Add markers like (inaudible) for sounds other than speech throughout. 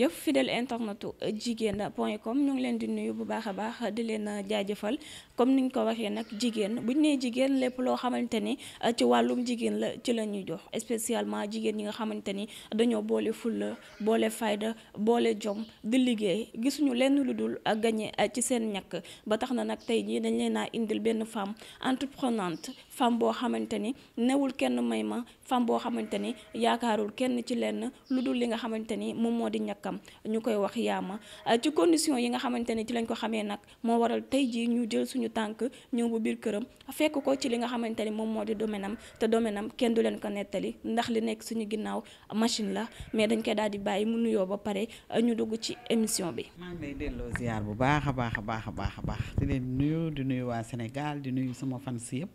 jërëjëf fidèle jigéen jigéen point comme ñu ngi leen di nuyu bu baax baax di leen jaajëfal comme niñ ko waxee nag jigéen buñ nee jigéen lépp loo xamante ni euh, ci wàllum jigéen la ci la ñuy jox spécialement jigéen ñi nga xamante ni dañoo boole fulla boole fayda boole jom di liggéey gisuñu lenn lu dul gagné euh, ci seen ñàkk ba tax na nag tey jii dañ leen a indil benn femme entreprenante femme boo xamante ni newul kenn may ma femme boo xamante ni yaakaarul kenn ci lenn lu dul li nga xamante ni moom moo di ñàkk rakkam ñu koy wax yaama euh, ci condition yi nga xamante ne ci lañ ko xamee nag moo waral tey jii ñu jël suñu tànk ñëw bu biir këram fekk ko ci li nga xamante ni moom moo di domaine am te domaine am kenn du leen ko nettali ndax li nekk suñu ginnaaw machine la mais dañ koy daal di bàyyi mu nuyoo ba pare euh, ñu dugg ci émission bi. maa ngi lay delloo ziar bu baax baax a baax a baax baax di leen nuyu di nuyu waa Sénégal di nuyu sama fans yëpp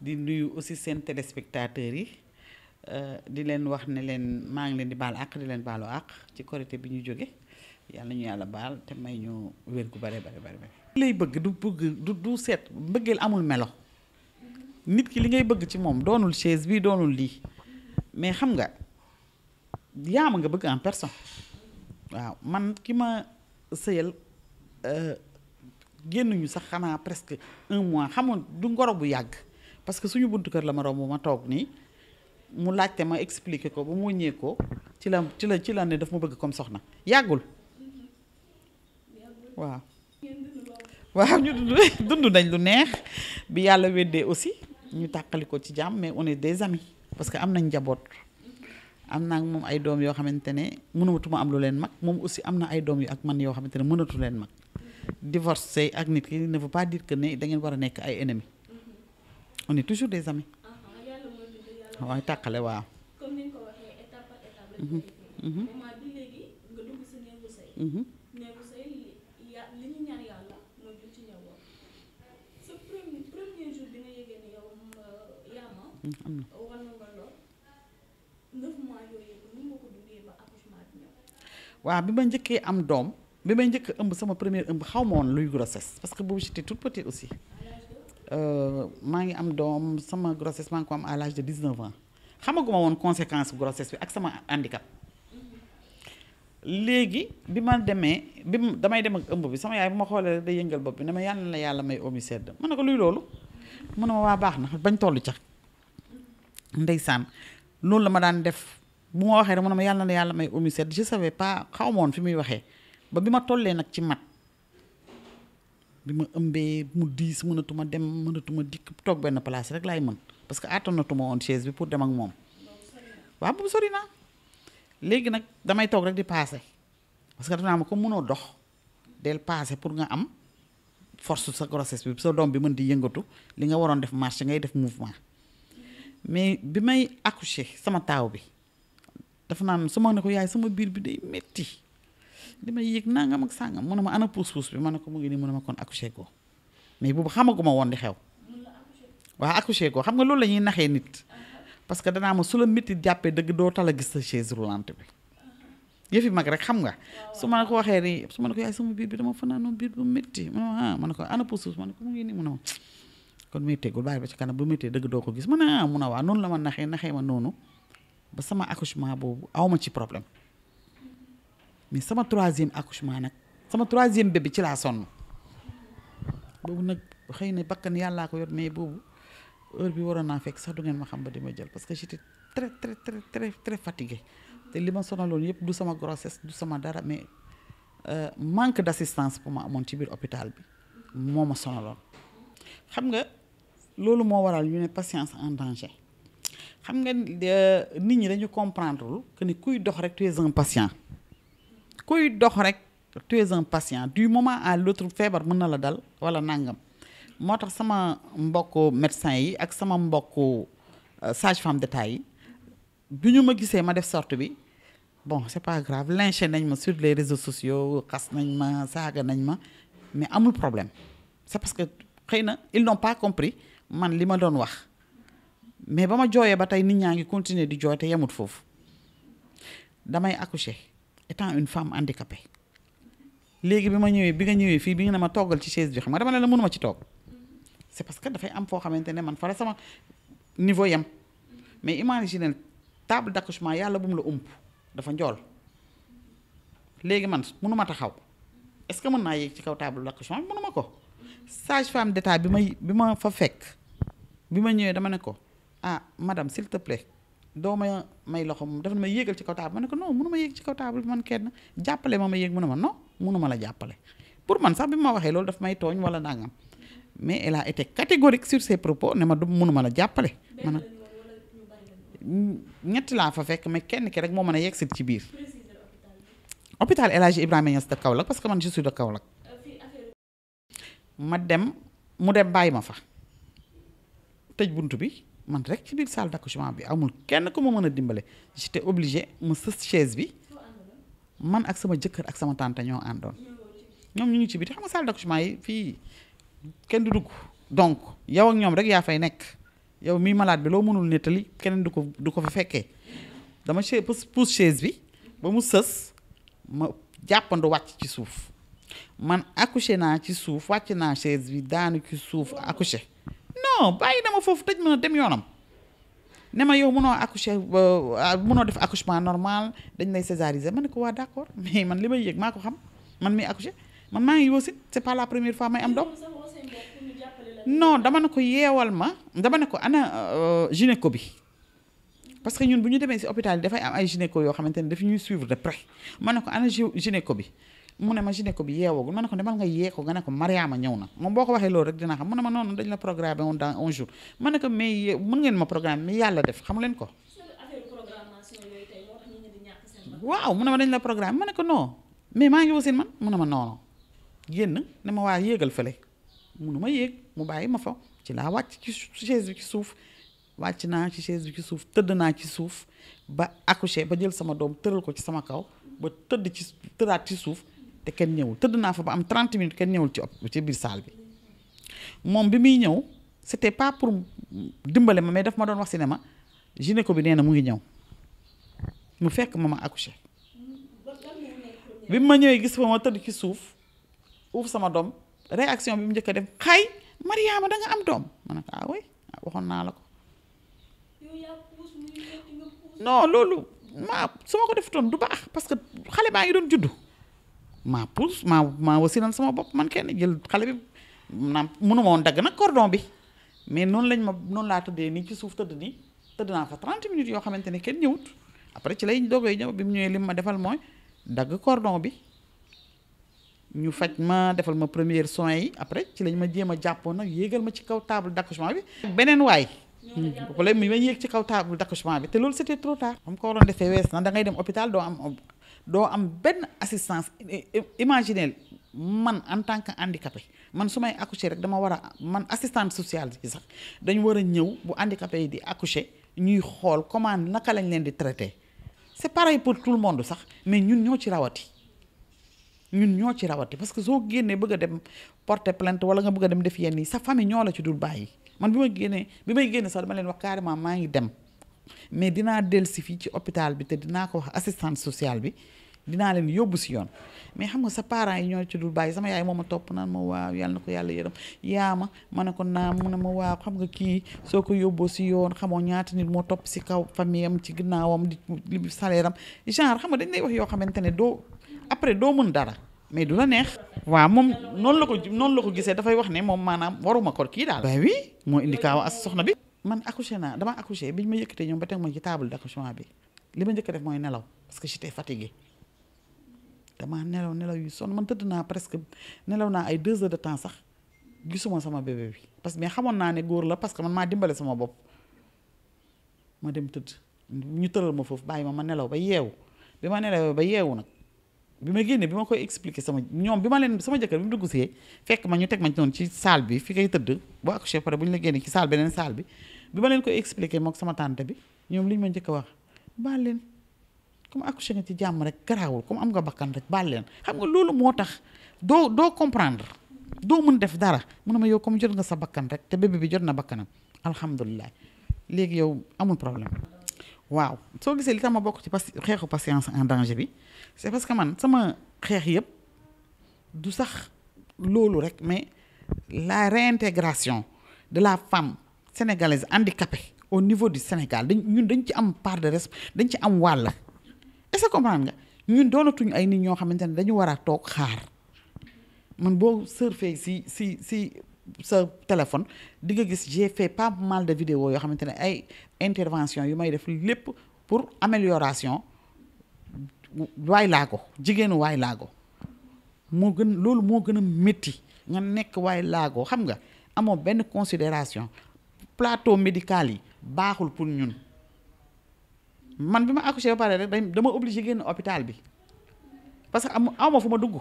di nuyu aussi seen téléspectateurs yi. di leen wax ne leen maa ngi leen di baal àq di leen baalu àq ci korité bi ñu jóge yàlla ñu yàlla baal te may ñu wér gu bare bare bare lay bëgg du bëgg du du seet mbëggeel amul melo nit ki li ngay bëgg ci moom doonul chaise bi doonul lii mais xam nga yaama nga bëgg en personne waaw man ki ma sëyal euh, génnuñu sax xanaa presque un mois xamoon du ngoro bu yàgg parce que suñu buntu kër la ma romb ma toog nii mu laajte ma expliqué ko ba mu wëññee ko ci la ci la ci la ne daf ma bëgg comme soxna yàggul waaw. waaw ñu dund dañ lu neex bi yàlla weddee aussi ñu tàqali ko ci jaam mais on est des amis parce que am nañ njaboot am naa moom ay doom yoo xamante ne ma am lu leen mag moom aussi am na ay doom yu ak man yoo xamante ne mënatu leen mag divorcé ak nit ki ne veut pas diir que ne da ngeen war a nekk ay ennemis one toujours des amis. waaye tàqale waaw. comme ni nga ko waxee étape par étape la mhm. mhm. bi mhm. jur ci nga yëgee ni yow mm, euh, yaama. am na war bi ñëw. njëkkee am doom bi ma njëkk ëmb sama première ëmb xaw ma woon luy grossesse parce que boobu j'étais toute petite aussi. Euh, maa ngi am doom sama grossesse maa ngi ko am à l'âge de 19 ans xamaguma woon conséquence grossesse bi ak sama handicap léegi bi ma demee bi damay dem ak ëmb bi sama yaay bu ma xoolee rek day yëngal bopp bi ne ma yàlla na la yàlla may omi sedd ma ne ko luy loolu mu ne ma waa baax na bañ toll ca ndeysaan loolu la ma daan def bu ma waxee rek mu ne ma yàlla na la yàlla may omi sedd je savais pas xaw ma woon fi muy waxee ba bi ma tollee nag ci mat bi ma ëmbee mu diis mënatuma dem mënatuma dikk toog benn place rek laay mën parce que àttanatuma on chaise bi pour dem ak moom waaw boobu sori naa léegi nag damay toog rek di paase parce que daf ma ko mënoo dox del paase pour nga am force sa grossesse sa doom bi mën di yëngatu li nga waroon def marche ngay def mouvement mais bi may accoucher sama taaw bi dafa naan su ma ne ko yaay sama biir bi day metti li may yëg nangam ak sàngam mu ne ma ana puus-puus bi ma ne ko mu ngi nii mu a ma kon accouché ko mais boobu xamaguma woon di xew waaw accouché ko xam nga loolu la ñuy naxee nit parce que danaa ma su la jàppee dëgg doo tal a gis sa chaise roulante bi yëfi mag rek xam nga su ma ko waxee nii su ma ne ko yaay sama biir dama fanaanoo biir bu métti mu ne ma ah, ma ne ko ana puus-puus ma ne ko mu ngi nii mu ne ma kon muy tegul bàyyi ba ci kanam bu méttee dëgg doo ko gis mu ne ah mu noonu la ma naxee naxee ma noonu ba sama accouchement boobu awma ci problème mais sama troisième accouchement nag sama troisième bébé ci laa sonn boobu nag xëy na bakkan yàllaa ko yor mais boobu heure bi waroon naa fekk sax du ngeen ma xam ba di ma jël parce que j'étais très très très très très fatiguée te li ma sonaloon yëpp du sama grossesse du sama dara mais euh, manque d'assistance bu ma amoon ci biir hôpital bi moo ma sonaloon xam nga loolu moo waral ñu ne patience en danger xam nga euh, nit ñi dañu comprendre que ni kuy dox rek tu es kuy dox rek tu es un patient du moment à l'autre feebar mën na la dal wala nangam moo tax sama mbokku médecin yi ak sama mbokk euh, sage-femme d'État yi bi ñu ma gisee ma def sorte bi bon c'est pas grave lynché nañ ma sur les réseaux sociaux xas nañ ma saaga nañ ma mais amul problème c'est parce que xëy na ils n'ont pas compris man li ma doon wax mais ba ma jooyee ba tey nit ñaa ngi continuer di jooy te yemut foofu damay accoucher étant une femme handicapée léegi bi ma ñëwee bi nga ñëwee fii bi nga ne ma toggal ci chaise bi xam nga dama ne la mënuma ci togg c'est parce que dafay am foo xamante ne man fara sama niveau yam mais imagine table d'accouchement yàlla bu la ump dafa njool léegi man mënuma taxaw est-ce que mën naa yéeg ci kaw table d'accouchement mënuma ko sage-femme d'état bi may bi ma fa fekk bi ma ñëwee dama ne ko ah madame s'il doo ma may loxo moom dafa ne ma yéegal ci kaw taabal ma ne ko non mënu ma yéeg ci kaw taabal bi man kenn jàppale ma ma yéeg mu ne ma non mënu ma la jàppale pour man sax bi ma waxee loolu daf may tooñ wala nangam mais elle a été catégorique sur ses propos ma du mënu ma jàppale man ñetti fa fekk mais kenn ki rek moo mën a yegsit ci biir hôpital El Hadji Ibrahima Niass de Kaolack parce que man je suis de Kaolack ma dem mu dem bàyyi ma fa tëj bunt bi man rek ci biir salle d'accouchement bi amul kenn ku ma mën a dimbale j'étais obligé ma sës chaise bi man ak sama jëkkër ak sama tante ñoo àndoon ñoom ñu ngi ci biir te xam nga salle d'accouchement yi fii kenn du dugg donc yow ñoom rek yaa fay nekk yow mii malade bi loo mënul nettali keneen du ko du ko fa fekkee dama chaise pousse chaise bi ba mu sës ma jàppandu wàcc ci suuf man accouché naa ci suuf wàcc naa chaise bi daanu ci suuf accouché non bàyyi na ma foofu tëj a dem yoonam ne ma yow mënoo accoucher euh, mënoo def accouchement normal dañ lay césariser ma ne ko waa d'accord (laughs) mais man li may yëg maa ko xam man mi accoucher man maa ngi wasin c'est par la première fois may am doom non dama ne ko yeewal ma dama ne ko ana ko euh, bi parce que ñun bu ñu demee ci hôpital yi dafay am ay gynéco yoo xamante ne daf ñuy suivre de près ma ne ko ana ko bi mu ne ma gynéco bi yeewagul ma ko demal nga yee ne ko Mariama ñëw na moom boo ko waxee loolu rek dina xam mu ne ma noonu dañ la programme woon dans ma ne ko mais mën ngeen ma programme mi yàlla def xam leen ko waaw mu ne ma dañ programme ma ne ko non mais maa ngi wasin man mu ne ma noono génn ne ma waa yéegal fële munu ma yéeg mu bàyyi ma fa ci laa wàcc ci chaise bi ci suuf wàcc naa ci chaise bi ci suuf tëdd naa ci suuf ba accouché ba jël sama doom tëral ko ci sama kaw ba tëdd ci tëraat ci suuf te kenn ñëwul tëdd naa fa ba am 30 minutes kenn ñëwul ci ci biir salle bi moom bi muy ñëw c'était pas pour dimbale ma mais daf ma doon wax si ne ma gynéco bi nee na mu ñëw mu fekk ma ma accouché ma ñëwee gis ma ma tëdd ci suuf uuf sama doom réaction bi mu njëkk a def xay Mariama da am doom ma ne ko ah oui waxoon naa la ko non loolu ma su ma ko defatoon du baax parce que xale baa ngi doon juddu. maa puus maa maa wasinal sama bopp man kenn jël xale bi naam mënuma woon dagg nag cordon bi mais noonu lañ ma noonu laa tëddee nii ci suuf tëdd nii tëdd naa fa 30 minutes yoo xamante ne kenn ñëwut après ci lay doog lay bi mu ñëwee lim ma defal mooy dagg cordon bi ñu faj ma defal ma première soins yi après ci lañ ma jéem a jàppoon nag yéegal ma ci kaw table d'accouchement bi. beneen waay. bu ko mi yéeg ci kaw table d'accouchement bi te loolu c'était trop tard. comme ko defee wees na da dem hôpital doo am doo am benn assistance imaginez man en tant que handicapé man su may accoucher rek dama war a man assistante sociale bi sax dañu war a ñëw bu handicapé yi di accoucher ñuy xool comment naka lañ leen di traité c'est pareil pour tout le monde sax mais ñun ñoo ci rawati ñun ñoo ci rawati parce que soo génnee bëgg a dem porter plainte wala nga bëgg a dem def yenn yi sa famille ñoo la ci dul bàyyi man bi ma génnee bi may génne sax dama leen wax carrément maa ngi dem mais dinaa dellusi fii ci hôpital bi te dinaa ko wax assistante sociale bi dinaa leen yóbbu si yoon mais xam nga sa parent yi ñoo ci dul bàyyi sama yaay moom ma topp naan ma waaw yàlla na ko yàlla yërëm yaa ma ma ne ko naa mu ne ma waaw xam nga kii soo ko yóbboo si yoon xamoo ñaata nit moo topp si kaw famille am ci ginnaawam di li salaire genre xam nga dañ lay wax yoo xamante ne doo après doo mën dara mais du la neex. waaw moom noonu la ko noonu la ko gisee dafay wax ne moom maanaam waruma ko kii daal. waaw moo indi kaaw as soxna bi. man accouché naa dama accouché biñ ma yëkkatee ñoom ba teg ma ci table d'accouchement bi li ma njëkk a mooy nelaw parce que j'étais fatiguée dama nelaw nelaw yu sonn man tëdd naa presque nelaw naa ay deux heures de temps sax gisuma sama bébé bi parce que xamoon naa ne góor la parce que man maa dimbale sama bopp ma dem tëdd ñu tëral ma foofu bàyyi ma ma nelaw ba yeewu bi ma nelawee ba yeewu nag bi ma génnee bi ma koy expliqué sama ñoom bi ma leen sama jëkkër bi mu dugg see fekk ma ñu teg ma ci noonu ci salle bi fi kay tëdd boo accouché pare bu ñu la génnee ci salle beneen salle bi bi ma leen koy expliquer mook sama tante bi ñoom li ñu ma njëkk a wax baal leen comme accouché nga ci jàmm rek garaawul comme am nga bakkan rek baal leen xam nga loolu moo tax doo doo comprendre doo mën def dara mu ne ma yow comme jot nga sa bakkan rek te bébé bi jot na bakkanam alhamdulilah léegi yow amul problème waaw soo gisee li tax ma bokk ci pas xeexu patience en danger bi c'est parce que man sama xeex yëpp du sax loolu rek mais la réintégration de la femme sénégalaise handicapée au niveau du Sénégal dañ ñun dañ ci am part de respect dañ ci am wàll est-ce que comprendre nga ñun doonatuñu ay nit ñoo xamante ne dañu war a toog xaar man boo surfee si si si sa téléphone di nga gis j'ai fait pas mal de vidéos yoo xamante ne ay intervention yu may def lépp pour amélioration waay laa ko jigéenu waay laa moo gën loolu moo gën a métti nga nekk waay laago xam nga amoo benn considération plateau médical yi baaxul pour ñun man bi ma accouché ba pare rek dama obligé génn hôpital bi parce que am amoo fu ma dugg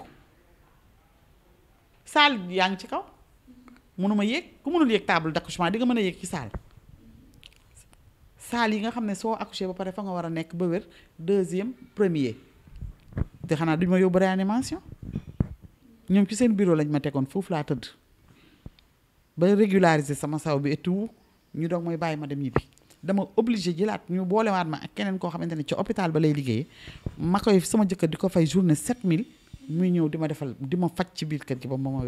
saal yaa ngi ci kaw mënuma yéeg ku mënul yéeg table d'accouchement di nga mën a yéeg ci salle salle yi nga xam ne soo accouché ba pare fa nga war a nekk ba wér deuxième premier te xanaa duñ ma yóbbu réanimation ñoom ci seen bureau lañ ma tegoon foofu laa tëdd ba régulariser sama saw bi et ñu doog mooy bàyyi ma dem ñibbi dama obligé jëlaat ñu boolewaat ma ak keneen koo xamante ni ci hôpital ba lay liggéeyee ma koy sama jëkkër di ko fay journée mille muy ñëw di ma defal di ma faj ci biir kër gi ba ma ma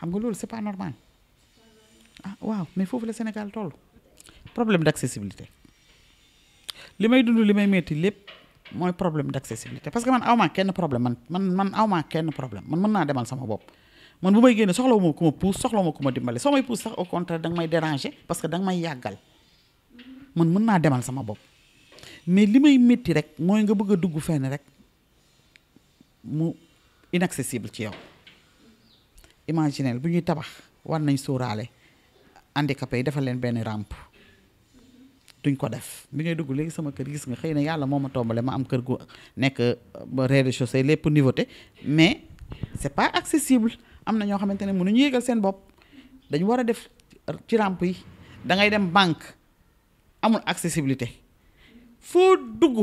xam nga loolu c'est pas normal ah waaw mais foofu la Sénégal toll problème d'accessibilité li may dund li may metti lépp mooy problème d'accessibilité parce que man awmaa kenn problème man man man awmaa kenn problème man mën naa demal sama bopp man bu may génne soxlawu ma ku ma puus ma ku ma dimbale soo may puus sax au contraire da nga que nga may yàggal mën naa demal sama bopp mais li may métti rek mooy nga bëgg a dugg fenn rek mu inaccessible ci yow imaginel bu ñuy tabax war nañ sóoraale handicapé yi defal leen benn rampe duñ ko def bi ngay dugg léegi sama kër gis nga xëy na yàlla moom ma tombale ma am kër gu nekk ba rez lépp nouveauté mais c'est pas accessible am na ñoo xamante ne mënuñu yéegal seen bopp dañ war a def ci rampe yi da ngay dem banque amul accessibilité foo dugg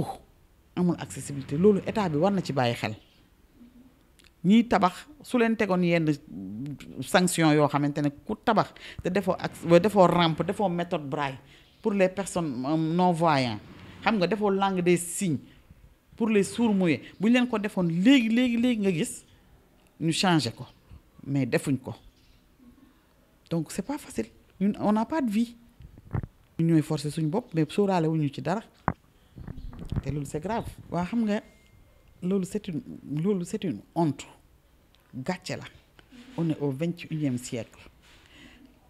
amul accessibilité loolu état bi war na ci bàyyi xel ñiy tabax su leen tegoon yenn sanction yoo xamante ne ku tabax te defoo ak defoo rampe defoo méthode braille pour les personnes euh, non voyantes xam nga defoo langue des signes pour les sourds-muets bu ñu leen ko defoon léegi léegi léegi nga gis ñu changé ko mais defuñ ko donc c'est pas facile ñun on n'a pas de vie ñu ñooy forcer suñu bopp mais sóoraale wuñu ci dara te loolu c'est grave waa xam nga loolu c'est une loolu set une ont gàcce la on au vingt-et-unième siècle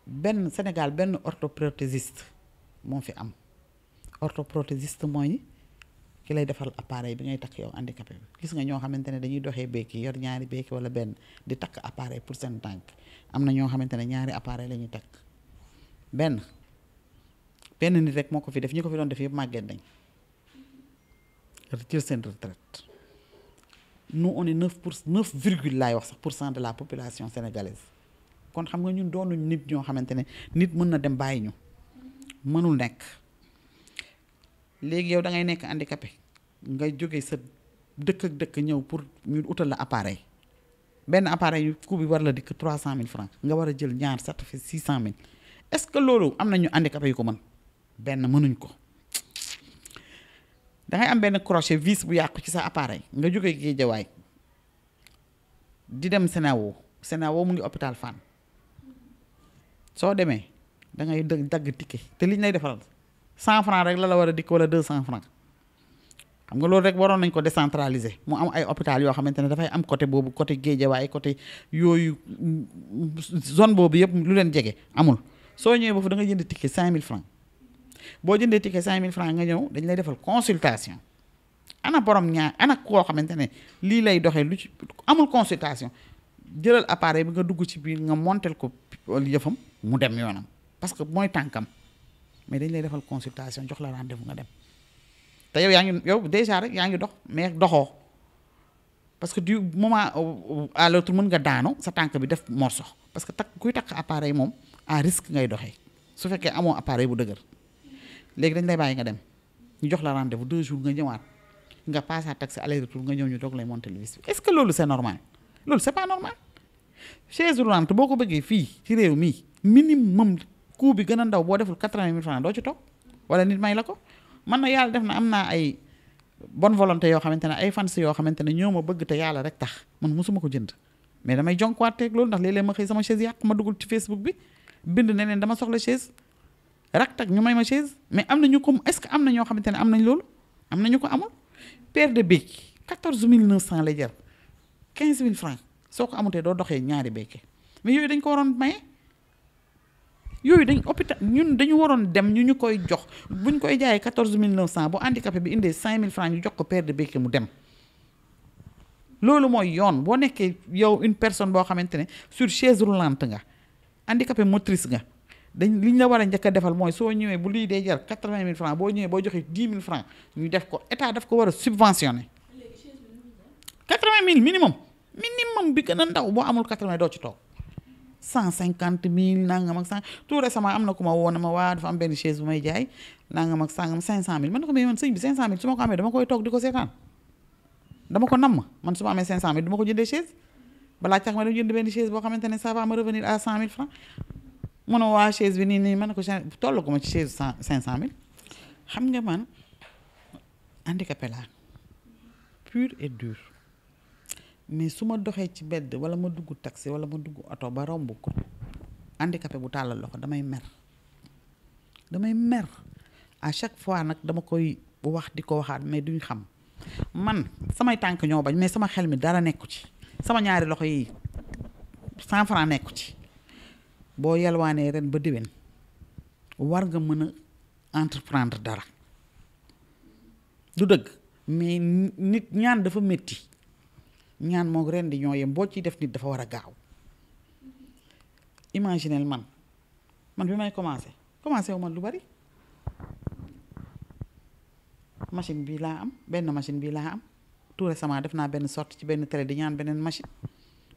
benn Sénégal benn orthoprothésiste moo fi am orthoprothésiste mooy ki lay defal appareil bi ngay takk yow handicapé bi gis nga ñoo xamante ne dañuy doxee béyki yor ñaari béyki wala benn di takk appareil pour seen tànk am na ñoo xamante ne ñaari appareil la ñuy takk benn benn nit rek moo ko fi def ñi ko fi doon def yëpp màgget dañ jël seen retraite nous on est neuf pour neuf virgule laay wax sax pour cent de la population sénégalaise kon xam nga ñun doonuñ nit ñoo xamante ne nit mën na dem bàyyi ñu mënul nekk léegi yow da ngay nekk handicapé nga jóge sa dëkk ak dëkk ñëw pour ñu utal la appareil benn appareil yu bi war la dikk trois cent mille francs nga war a jël ñaar certifié six cent mille est-ce que loolu am na ñu kape yu ko mën benn mënuñ ko dangay am benn crochet vis bu yàqu ci sa appareil nga jóge Géejawaay di dem Sénawo Sénawo mu ngi hôpital Fann soo demee dangay dagg tikki te liñ lay defaral cent franc rek la la war a dikk wala deux cent franc xam nga loolu rek waroon nañ ko décentraliser mu am ay hôpital yoo xamante ne dafay am côté boobu côté Géejawaay côté yooyu zone boobu yëpp lu leen jege amul soo ñëwee boobu da nga jënd ticket cinq mille francs boo jëndee ticket 5000 francs nga ñëw dañ lay defal consultation ana borom ñaar anak koo xamante ne lii lay doxee lu ci amul consultation jëlal appareil bi nga dugg ci biir nga montel ko yëfam mu dem yoonam parce que mooy tànkam mais dañ lay defal consultation jox la rendez-vous nga dem te yow yaa ngi yow déjà rek yaa ngi dox mais doxoo parce que du moment euh, euh, à l'autre mën nga daanu sa tànk bi def morso parce que takk kuy takk appareil moom à risque ngay doxee su fekkee amoo appareil bu dëgër léegi dañ lay bàyyi nga dem ñu jox la rendez-vous deux jours nga ñëwaat nga passer taxi aller retour nga ñëw ñu doog lay monter le vis bi est-ce que loolu c'est normal loolu c'est pas normal chaise roulante boo ko bëggee fii ci réew mii minimum coût bi gën a ndaw boo deful quatre-vingt mille francs doo ci toog wala nit may la ko man na yàlla def na am naa ay bonne yoo xamante ne ay fans yoo xamante ne ñoo ma bëgg te yàlla rek tax man mosuma ko jënd mais damay jonkwaat teeg loolu ndax léeg-léeg ma xëy sama chaise yàq ma dugal ci Facebook bi bind ne neen dama soxla chaise raktak ñu may ma chaise mais am na ñu ko est-ce que am na ñoo xamante ne am nañ loolu am na ñu ko amul paire de béquilles quatorze mille neuf cent lay jar quinze mille francs soo ko amutee doo doxee ñaari béquilles mais yooyu dañ ko waroon maye yooyu dañ hôpital ñun dañu waroon dem ñu ñu koy jox buñ koy jaayee quatorze mille neuf cent bu handicapé bi indee cinq mille francs ñu jox ko paire de ki mu dem loolu mooy yoon boo nekkee yow une personne boo xamante ne sur chaise roulante nga handicapé motrice nga dañ li la war a njëkk a defal mooy soo ñëwee bu lii day jar quatre vingt mille franc boo ñëwee boo joxee dix mille franc ñu def ko état daf ko war a subventionné quatre vingt mille minimum minimum bi gën a ndaw boo amul quatre vingt doo ci toog cent cinquante mille nangam ak cent tout récemment am na ku ma woo a ma waa dafa am benn chaise bu may jaay nangam ak sangam cinq cent mille man na ko may sëñ bi cinq cent mille su ma ko amee dama koy toog di ko seetaan dama mun waa chaise bi nii nii man ko toll ko ma ci chaise cent cinq cent xam nga man handicapé laa pur et dur mais su ma doxee ci bedd wala ma dugg taxi wala ma dugg oto ba romb ko handicapé bu tàllal loxo damay mer damay mer à chaque fois nag dama koy wax di ko waxaat mais duñ xam man samay tànk ñoo bañ mais sama xel mi dara nekku ci sama ñaari loxo yi cent franc nekku ci boo yalwaanee ren ba déwén war nga mën a entreprendre dara du dëgg mais nit ñaan dafa metti ñaan moo ren di ñoo yem boo ciy def nit dafa war a gaaw imaginel man man bi may commencé commencé wu man lu bari machine bi laa am benn machine bi laa am tout récemment def naa benn sorte ci benn télé di ñaan beneen machine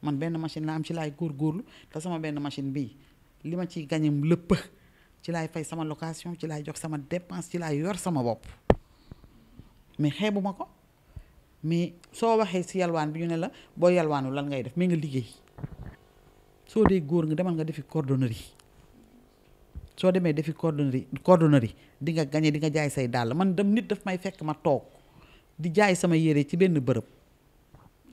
man benn machine laa am ci laay góorgóorlu te sama benn machine bii li ma ciy gañam lépp ci lay fay sama location ci laay jox sama dépense ci laay yor sama bopp mais xeebu ma ko mais soo waxee si yalwaan bi ñu ne la boo yalwaanu lan ngay def mais nga liggéey soo dee góor nga demal nga defi cordonnerie soo demee defi cordonnerie cordonnerie di nga gañe di nga jaay say dàll man dem nit daf may fekk ma toog di jaay sama yére ci benn bërëb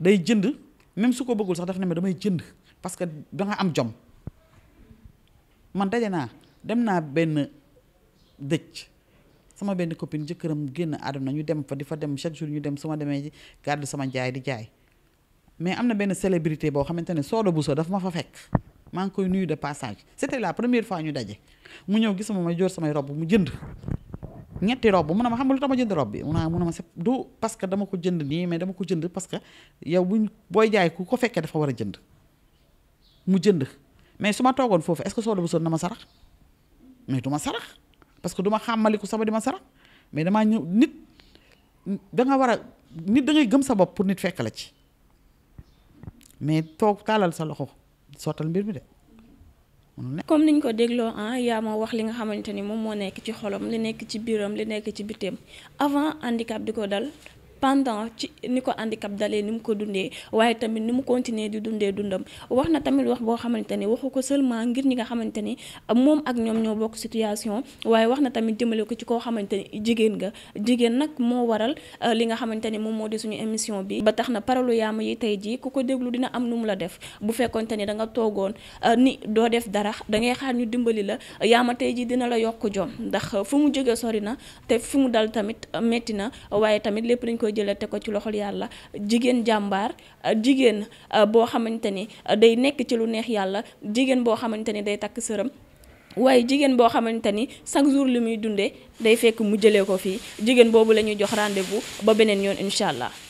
day jënd même su ko bëggul sax daf ne ma damay jënd parce que da am jom man daje naa dem naa benn dëj sama benn copine jëkkëram génn àdduna ñu dem fa di fa dem chaque jour ñu dem su ma demee ji gàddu sama jaay di jaay mais am na benn célébrité boo xamante ne Soda Bousso daf ma fa fekk maa ngi koy nuyu de passage c'était la première fois ñu daje mu ñëw gisuma ma joor samay robb mu jënd ñetti robb mu ne ma xam nga lu tax ma jënd rob bi mu ne mu ne ma c'est du parce que dama ko jënd nii mais dama ko jënd parce que yow buñ booy jaay ku ko fekkee dafa war a jënd mu jënd mais su ma toogoon foofu est-ce que soo bu soon na ma sarax mais du sarax parce que du ma xàmmaliku sama di ma sarax mais damaa ñëw nit da nga war a nit da ngay gëm sa bopp pour nit fekk la ci mais toog taalal sa loxo sottal mbir mi de. comme niñ ko dégloo ah yaa ma wax li nga xamante ni moom moo nekk ci xolam li nekk ci biiram li nekk ci bitéem avant handicap di ko dal pendant ci ni ko handicap dalee ni mu ko dundee waaye tamit ni mu continuer di dundee dundam wax na tamit wax boo xamante ne waxu ko seulement ngir ñi nga xamante ni moom ñoom ñoo bokk situation waaye wax na tamit jëmale ko ci koo xamante ni jigéen nga jigéen nag moo waral euh, li nga xamante ni moom moo di suñu émission bi ba tax na paralu yaama yi tey jii ku ko déglu dina am nu mu la def bu fekkonte ni danga nga toogoon euh, ni doo def dara dangay ngay xaar ñu dimbali la yaama tey jii dina la yokk jom ndax euh, fu mu jógee sori na te fu mu dal tamit metti na waaye tamit lépp dañ ko koy te ko ci loxol yàlla jigéen jàmbaar jigéen euh, boo xamante ni euh, day nekk ci lu neex yàlla jigéen boo xamante ni day takk sëram waaye jigéen boo xamante ni chaque jour li muy dundee day fekk mu jëlee ko fii jigéen boobu la ñuy jox rendez-vous ba beneen yoon incha allah.